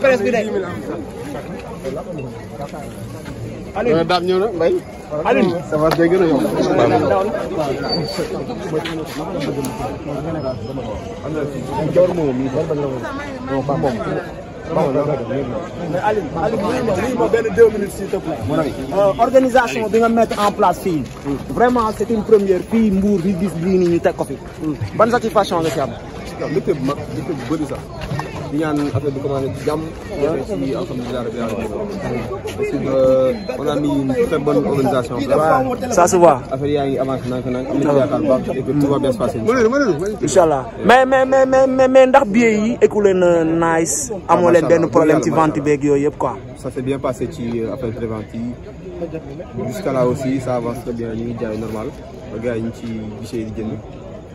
presse bi rek. Aliou euh, daam ñëw na Mbaye. Aliou ça va dégg na yow. Euh, organisation bi nga mettre en place fii. vraiment c'est une première fii Mbour ñu gis lii nii ñu teg ko fi. ban satisfaction nga ci am. waaw lépp bu mag lépp bu bëri sax. di ñaan affaire bi commencé ci jàmm. si alhamdulilah rabbil alamin euh, a mis une très bonne organisation. ça se voit. yaa ngi avancé naan naan am nañu mais mais mais mais ndax billets yi écoulé na nice. amoo leen benn problème ci vente beeg yooyu yëpp quoi. ça s'est bien passé ci euh, affaire prévente yi jusqu'à là aussi ça avance très bien ñu ngi jaay normal gars yi ñu ci gisee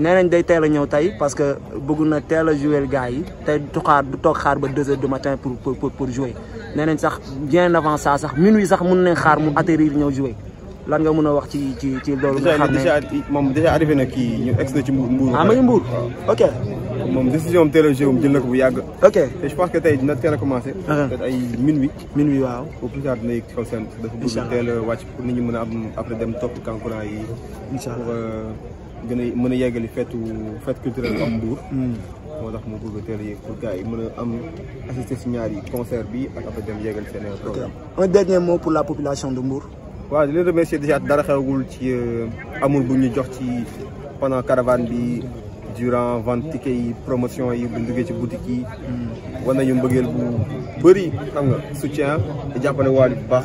nee day teel a ñëw tey parce que bëgg na teel a jouer gars yi te du xaar du toog xaar ba deux heures du matin pour pour pour jouer neneñ sax bien avant ça sax minuit sax mun nañ xaar mu atterrir ñëw jouer lan nga mën a wax ci ci ci loolu. nga xam ne déjà moom déjà arrivé na kii ñu ex na ci Mbour. Mbour ah ma ngi Mbour ok. moom décision am teel a jëm jël na ko bu yàgg. ok te je pense que tey dina teel a commencé. Ah. peut-être ay minuit. minuit waaw. au plus tard dina yëg ci dafa bëgg teel a wàcc pour nit ñi mën a am après dem topp kankurang yi. incha allah pour. Euh, gën a mën yeggali feetu fête culturelle am Mbour. Hmm. moo tax mu bëgg a teel pour gars yi mën a am assister si yi concert bi ak après dem yeggali seen programme. un dernier mot pour la population de Mbour. waaw di leen remercier déjà dara xewul ci euh, amul bu ñu jox ci pendant caravane bi durant vente ticket yi promotion yi bu ñu duggee ci boutique yi. Hmm. war nañu mbëggeel bu bëri xam nga soutien di jàppale waa bu baax.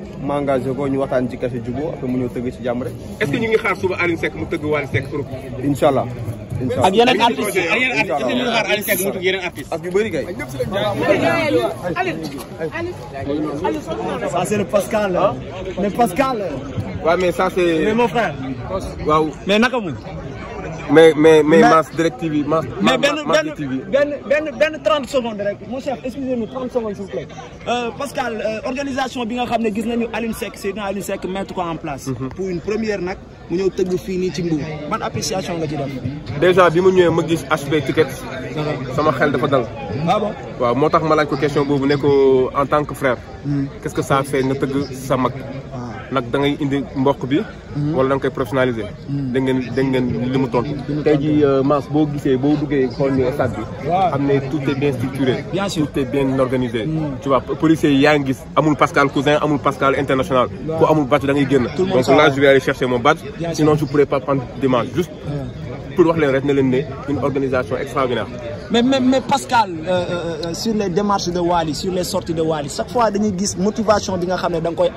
ma engagé ko ñu waxtaan ci kese jubóo après mu ñëw tëgg ci jam rek. est-ce que ñu ngi xaar suba Alioune Seck mu tëgg Wally Seck trop. ak yeneen artistes yi ak yeneen artistes yi ñu xaar Alioune Seck mu tëgg yeneen artistes. ak yu bëri kay. ça c'est le Pascal. mais Pascal. waaw mais ça c'est. mais mon waaw mais naka mu. mais mais mais Mass directive TV mais ben ben 30 secondes rek mon chef excusez-nous 30 secondes s'il vous plaît. Euh, Pascal euh, organisation bi nga xamné ne gis nañu Sek c'est Seydina Aline Sek mettre quoi en place. Mhm. pour une première nak mu ñëw teug fi ni ci mbou ban appréciation nga ci def. déjà bi mu ñëwee ma gis aspect ticket. sama xel dafa dal. ah bon waaw motax tax ma laaj ko question bobu ne ko en tant que frère. Hmm. qu'est-ce que ça fait ne teug sa mag nak da ngay indi mbokk bi. Mhm. wala da nga koy professionnaliser. Mhm. dégg ngeen dégg ngeen li mu tontu. tey jii euh, Mass boo gisee boo duggee xool ni euh, stade bi. xam ne tout est bien structuré. bien sûr tout est bien organisé. Mhm. tu vois policier yi yaa ngi gis amul Pascal Cousin amul Pascal international. ku amul badge da ngay génn. donc là je vais aller chercher mon badge. sinon je pourrais pas prendre dimanche juste pour wax leen rek na une organisation extraordinaire. mais mais mais Pascal euh, euh, euh, sur les démarches de Wally sur les sorties de Wally chaque fois dañuy gis motivation bi nga xam ne koy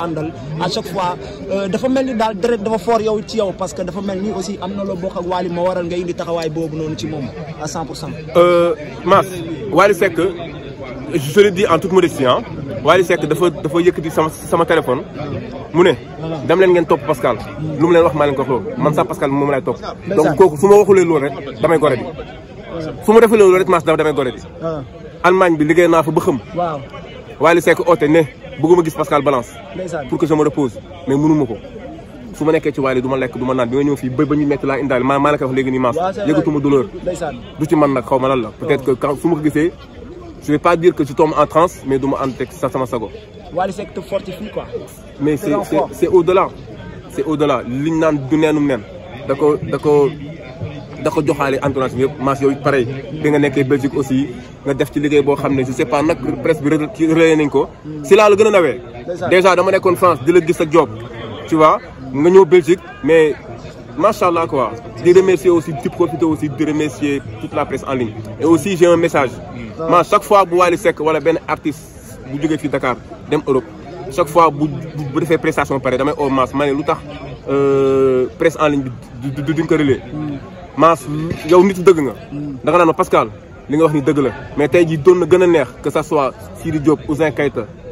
à chaque fois dafa mel ni daal deret dafa fort yow ci yow parce que dafa mel ni aussi am na loo bokk ak Wally moo waral nga indi taxawaay boobu noonu ci à 100 Euh, cent. Wali, c'est que, je le dis en toute modestie hein Wally Seck dafa dafa yëkkati sama sama téléphone mu ne dam leen ngeen topp Pascal lu mu leen wax maa leen ko wax man sax Pascal moom laay topp donc kooku su ma waxulee loolu rek damay gore bi su ma defulee loolu rek maas damay gore bi ah. Allemagne bi liggéey naa fa ba xëm Wally Seck oote ne bëgguma gis Pascal Balance pour que je me repose mais mënuma ko su ma nekkee ci du ma lekk du ma naan bi nga ñëw fii ba ba ñu metti laa indaale maa maa la koy wax léegi nii maas yëgatuma douleur du ci man nag xaw ma lan la peut-être que ma gisee je vais pas dire que je tombe en transe mais je mon texte ça ça sago. quoi. mais c'est au-delà c'est au-delà li D'accord, d'accord. D'accord, d'accord d'accord pareil aussi ne sais pas D'accord? presse bi D'accord? D'accord? Hmm. si la déjà dans mon France tu vois nga Belgique mais je quoi. aussi, aussi de remercier toute la presse en ligne. Et aussi j'ai un message. Mm. chaque fois que je suis voilà, ben artiste, je suis Dakar, dem Europe. Chaque fois que je fais prestation, pareil, je suis dis Mas, je presse en ligne d'une en Mas, yow nit deug nga mm. da nga Pascal il wax ni deug mais tay ji na gëna que ça soit Siri Diop Zain Kaita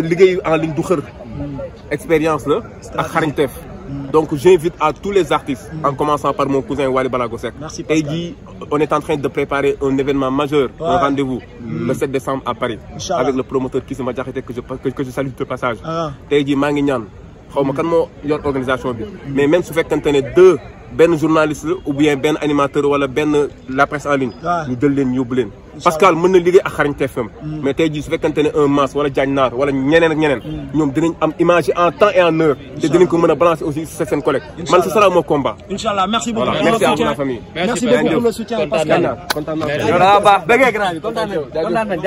Ligue en ligne du expérience là ak hmm. donc j'invite à tous les artistes hmm. en commençant par mon cousin Wally Balagosek. Merci. on est en train de préparer un événement majeur un rendez-vous hmm. le 7 décembre à Paris avec le promoteur qui se m'a que je que je salue de passage ah. et dit ñaan xaw organisation mais même su fekkante ne deux ben journaliste ou bien ben animateur wala ben la presse en ligne. ñu jël leen yóbbu leen. Pascal mën na liggéey ak xarañte FM. Mm. mais tay ji su fekkente ne un mas wala Diagne nar wala ñeneen ak ñeneen. Mm. ñom dinañ am image en temps et en heure. te dinañ ko mën a balancer aussi sur seen collègue. man ce sera mon combat. inshallah merci beaucoup pour le soutien merci à ma famille. merci beaucoup pour le soutien Pascal. kontaan naa kontaan naa baax bëgg naa grand bi kontaan nañu kontaan nañu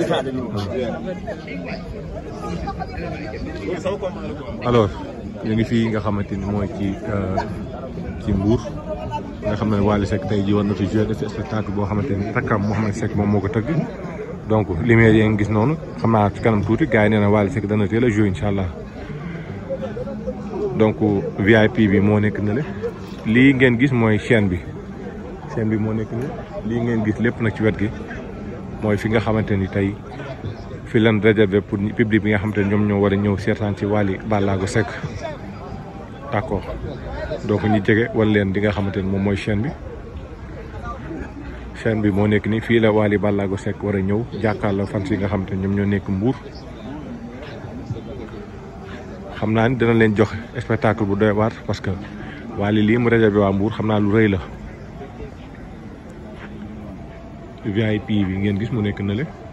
jaajëf. alors. ñu ngi fii nga xamante ni mooy ci euh, ci Mbour nga xam ne Wally Seck tey ji war na fi jouer def spectacle boo xamante ni takkam Mouhamed Seck moom moo ko tëgg donc lumière yi ngi gis noonu xam naa ci kanam tuuti gars yi nee na dana teel a jouer allah donc VIP bi moo nekk na le lii ngeen gis mooy chaîne bi seen bi moo nekk na lii ngeen gis lépp nag ci wet gi mooy fi nga xamante ni tey fi lan réservé pour public bi nga xam te ñoom ñoo war a ñëw seetaan ci Wally Ballago Seck d'accord donc ñu jege wala leen di nga xamante ne moom mooy chaîne bi chaîne bi moo nekk nii fii la Wally Ballago Seck war a ñëw jàkkaarloo fan si nga xam te ñoom ñoo nekk mbuur xam naa ni dina leen jox spectacle bu doy waar parce que Wally lii mu réservé waa mbuur xam naa lu rëy la VIP bi ngeen gis mu nekk na le